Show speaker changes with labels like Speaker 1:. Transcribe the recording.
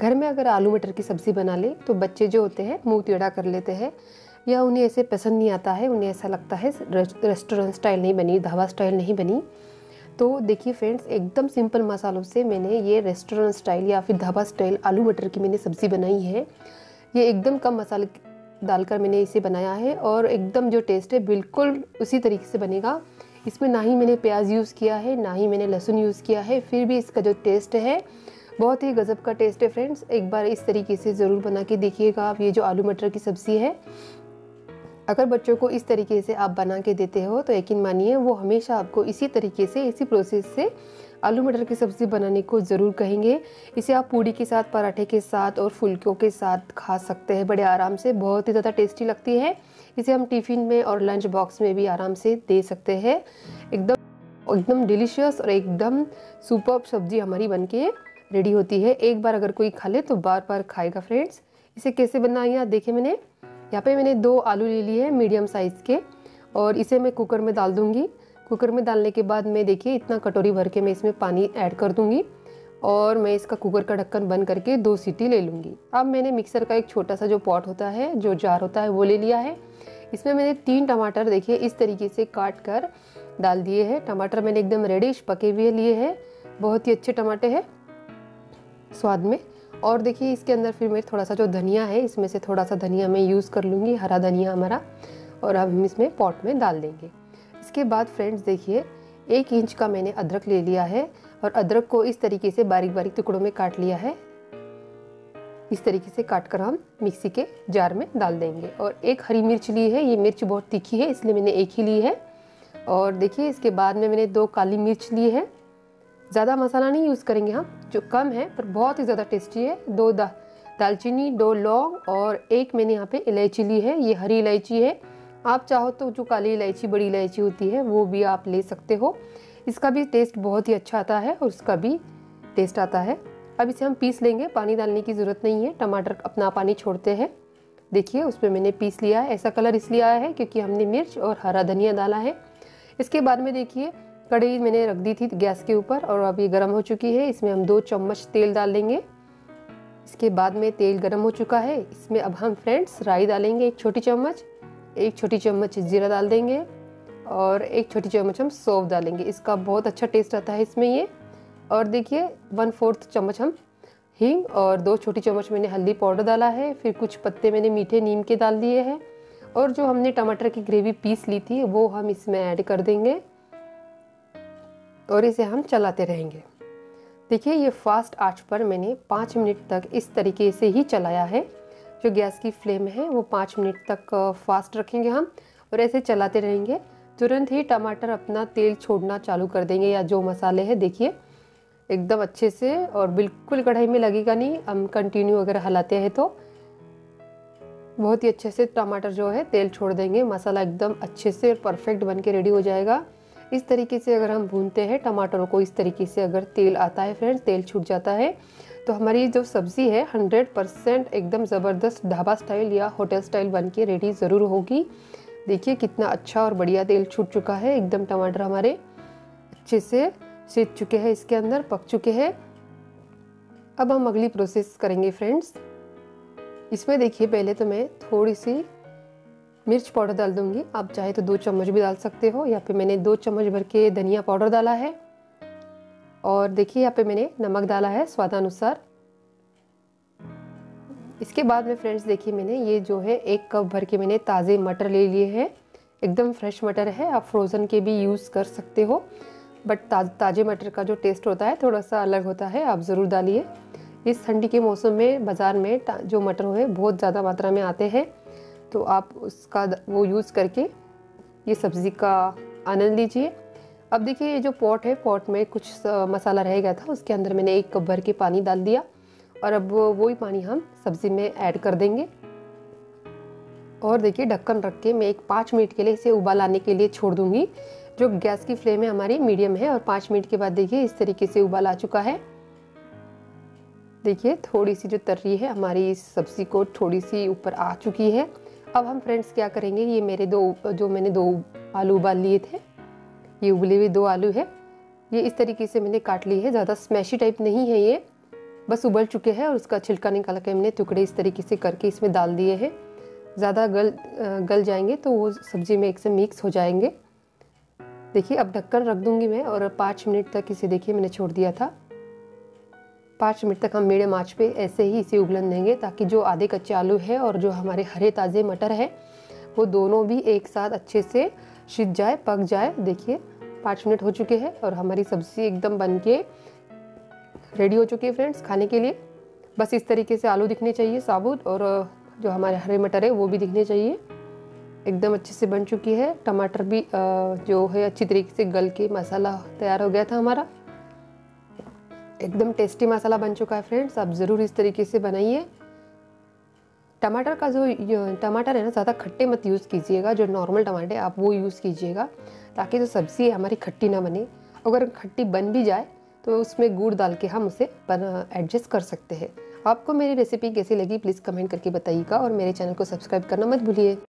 Speaker 1: घर में अगर आलू मटर की सब्ज़ी बना ले तो बच्चे जो होते हैं मुँह टेढ़ा कर लेते हैं या उन्हें ऐसे पसंद नहीं आता है उन्हें ऐसा लगता है रेस्टोरेंट स्टाइल नहीं बनी ढाबा स्टाइल नहीं बनी तो देखिए फ्रेंड्स एकदम सिंपल मसालों से मैंने ये रेस्टोरेंट स्टाइल या फिर ढाबा स्टाइल आलू मटर की मैंने सब्ज़ी बनाई है ये एकदम कम मसाले डालकर मैंने इसे बनाया है और एकदम जो टेस्ट है बिल्कुल उसी तरीके से बनेगा इसमें ना ही मैंने प्याज यूज़ किया है ना ही मैंने लहसुन यूज़ किया है फिर भी इसका जो टेस्ट है बहुत ही गज़ब का टेस्ट है फ्रेंड्स एक बार इस तरीके से ज़रूर बना के देखिएगा आप ये जो आलू मटर की सब्ज़ी है अगर बच्चों को इस तरीके से आप बना के देते हो तो यकीन मानिए वो हमेशा आपको इसी तरीके से इसी प्रोसेस से आलू मटर की सब्ज़ी बनाने को ज़रूर कहेंगे इसे आप पूड़ी के साथ पराठे के साथ और फुलकों के साथ खा सकते हैं बड़े आराम से बहुत ही ज़्यादा टेस्टी लगती है इसे हम टिफ़िन में और लंच बॉक्स में भी आराम से दे सकते हैं एकदम एकदम डिलीशियस और एकदम सुपर सब्ज़ी हमारी बन के रेडी होती है एक बार अगर कोई खा ले तो बार बार खाएगा फ्रेंड्स इसे कैसे बनाया है देखिए मैंने यहाँ पे मैंने दो आलू ले लिए हैं मीडियम साइज़ के और इसे मैं कुकर में डाल दूँगी कुकर में डालने के बाद मैं देखिए इतना कटोरी भर के मैं इसमें पानी ऐड कर दूँगी और मैं इसका कुकर का ढक्कन बंद करके दो सीटी ले लूँगी अब मैंने मिक्सर का एक छोटा सा जो पॉट होता है जो जार होता है वो ले लिया है इसमें मैंने तीन टमाटर देखिए इस तरीके से काट कर डाल दिए हैं टमाटर मैंने एकदम रेडिश पके हुए लिए हैं बहुत ही अच्छे टमाटर हैं स्वाद में और देखिए इसके अंदर फिर मैं थोड़ा सा जो धनिया है इसमें से थोड़ा सा धनिया मैं यूज़ कर लूँगी हरा धनिया हमारा और अब हम इसमें पॉट में डाल देंगे इसके बाद फ्रेंड्स देखिए एक इंच का मैंने अदरक ले लिया है और अदरक को इस तरीके से बारीक बारीक टुकड़ों में काट लिया है इस तरीके से काट कर हम मिक्सी के जार में डाल देंगे और एक हरी मिर्च ली है ये मिर्च बहुत तीखी है इसलिए मैंने एक ही ली है और देखिए इसके बाद में मैंने दो काली मिर्च ली है ज़्यादा मसाला नहीं यूज़ करेंगे हम जो कम है पर बहुत ही ज़्यादा टेस्टी है दो दा दालचीनी दो लौंग और एक मैंने यहाँ पे इलायची ली है ये हरी इलायची है आप चाहो तो जो काली इलायची बड़ी इलायची होती है वो भी आप ले सकते हो इसका भी टेस्ट बहुत ही अच्छा आता है और उसका भी टेस्ट आता है अब इसे हम पीस लेंगे पानी डालने की ज़रूरत नहीं है टमाटर अपना पानी छोड़ते हैं देखिए उस पर मैंने पीस लिया है ऐसा कलर इसलिए आया है क्योंकि हमने मिर्च और हरा धनिया डाला है इसके बाद में देखिए कड़ी मैंने रख दी थी गैस के ऊपर और अब ये गर्म हो चुकी है इसमें हम दो चम्मच तेल डाल लेंगे इसके बाद में तेल गर्म हो चुका है इसमें अब हम फ्रेंड्स राई डालेंगे एक छोटी चम्मच एक छोटी चम्मच जीरा डाल देंगे और एक छोटी चम्मच हम सौंफ डालेंगे इसका बहुत अच्छा टेस्ट आता है इसमें ये और देखिए वन फोर्थ चम्मच हम हींग और दो छोटी चम्मच मैंने हल्दी पाउडर डाला है फिर कुछ पत्ते मैंने मीठे नीम के डाल दिए हैं और जो हमने टमाटर की ग्रेवी पीस ली थी वो हम इसमें ऐड कर देंगे और इसे हम चलाते रहेंगे देखिए ये फास्ट आँच पर मैंने पाँच मिनट तक इस तरीके से ही चलाया है जो गैस की फ्लेम है वो पाँच मिनट तक फास्ट रखेंगे हम और ऐसे चलाते रहेंगे तुरंत ही टमाटर अपना तेल छोड़ना चालू कर देंगे या जो मसाले हैं देखिए एकदम अच्छे से और बिल्कुल कढ़ाई में लगेगा नहीं हम कंटिन्यू अगर हलाते हैं तो बहुत ही अच्छे से टमाटर जो है तेल छोड़ देंगे मसाला एकदम अच्छे से परफेक्ट बन के रेडी हो जाएगा इस तरीके से अगर हम भूनते हैं टमाटरों को इस तरीके से अगर तेल आता है फ्रेंड्स तेल छूट जाता है तो हमारी जो सब्ज़ी है 100 परसेंट एकदम ज़बरदस्त ढाबा स्टाइल या होटल स्टाइल बन के रेडी ज़रूर होगी देखिए कितना अच्छा और बढ़िया तेल छूट चुका है एकदम टमाटर हमारे अच्छे से सीत चुके हैं इसके अंदर पक चुके हैं अब हम अगली प्रोसेस करेंगे फ्रेंड्स इसमें देखिए पहले तो मैं थोड़ी सी मिर्च पाउडर डाल दूंगी आप चाहे तो दो चम्मच भी डाल सकते हो यहाँ पे मैंने दो चम्मच भर के धनिया पाउडर डाला है और देखिए यहाँ पे मैंने नमक डाला है स्वादानुसार इसके बाद में फ्रेंड्स देखिए मैंने ये जो है एक कप भर के मैंने ताज़े मटर ले लिए हैं एकदम फ्रेश मटर है आप फ्रोज़न के भी यूज़ कर सकते हो बट ताज, ताज़े मटर का जो टेस्ट होता है थोड़ा सा अलग होता है आप ज़रूर डालिए इस ठंडी के मौसम में बाज़ार में जो मटर हो बहुत ज़्यादा मात्रा में आते हैं तो आप उसका वो यूज़ करके ये सब्ज़ी का आनंद लीजिए अब देखिए ये जो पॉट है पॉट में कुछ मसाला रह गया था उसके अंदर मैंने एक कप भर के पानी डाल दिया और अब वही पानी हम सब्ज़ी में ऐड कर देंगे और देखिए ढक्कन रख के मैं एक पाँच मिनट के लिए इसे उबाल आने के लिए छोड़ दूँगी जो गैस की फ्लेम है हमारी मीडियम है और पाँच मिनट के बाद देखिए इस तरीके से उबाल आ चुका है देखिए थोड़ी सी जो तर्री है हमारी इस सब्ज़ी को थोड़ी सी ऊपर आ चुकी है अब हम फ्रेंड्स क्या करेंगे ये मेरे दो जो मैंने दो आलू उबाल लिए थे ये उबले हुए दो आलू है ये इस तरीके से मैंने काट ली है ज़्यादा स्मैशी टाइप नहीं है ये बस उबल चुके हैं और उसका छिलका निकाल के हमने टुकड़े इस तरीके से करके इसमें डाल दिए हैं ज़्यादा गल गल जाएंगे तो वो सब्ज़ी में एक से मिक्स हो जाएंगे देखिए अब ढक्कन रख दूंगी मैं और पाँच मिनट तक इसे देखिए मैंने छोड़ दिया था पाँच मिनट तक हम मीडियम आँच पे ऐसे ही इसे उबलन देंगे ताकि जो आधे कच्चे आलू है और जो हमारे हरे ताज़े मटर है वो दोनों भी एक साथ अच्छे से सिद जाए पक जाए देखिए पाँच मिनट हो चुके हैं और हमारी सब्ज़ी एकदम बन के रेडी हो चुकी है फ्रेंड्स खाने के लिए बस इस तरीके से आलू दिखने चाहिए साबुत और जो हमारे हरे मटर है वो भी दिखने चाहिए एकदम अच्छे से बन चुकी है टमाटर भी जो है अच्छी तरीके से गल के मसाला तैयार हो गया था हमारा एकदम टेस्टी मसाला बन चुका है फ्रेंड्स आप ज़रूर इस तरीके से बनाइए टमाटर का जो टमाटर है ना ज़्यादा खट्टे मत यूज़ कीजिएगा जो नॉर्मल टमाटर है आप वो यूज़ कीजिएगा ताकि जो सब्ज़ी है हमारी खट्टी ना बने अगर खट्टी बन भी जाए तो उसमें गुड़ डाल के हम उसे एडजस्ट कर सकते हैं आपको मेरी रेसिपी कैसी लगी प्लीज़ कमेंट करके बताइएगा और मेरे चैनल को सब्सक्राइब करना मत भूलिए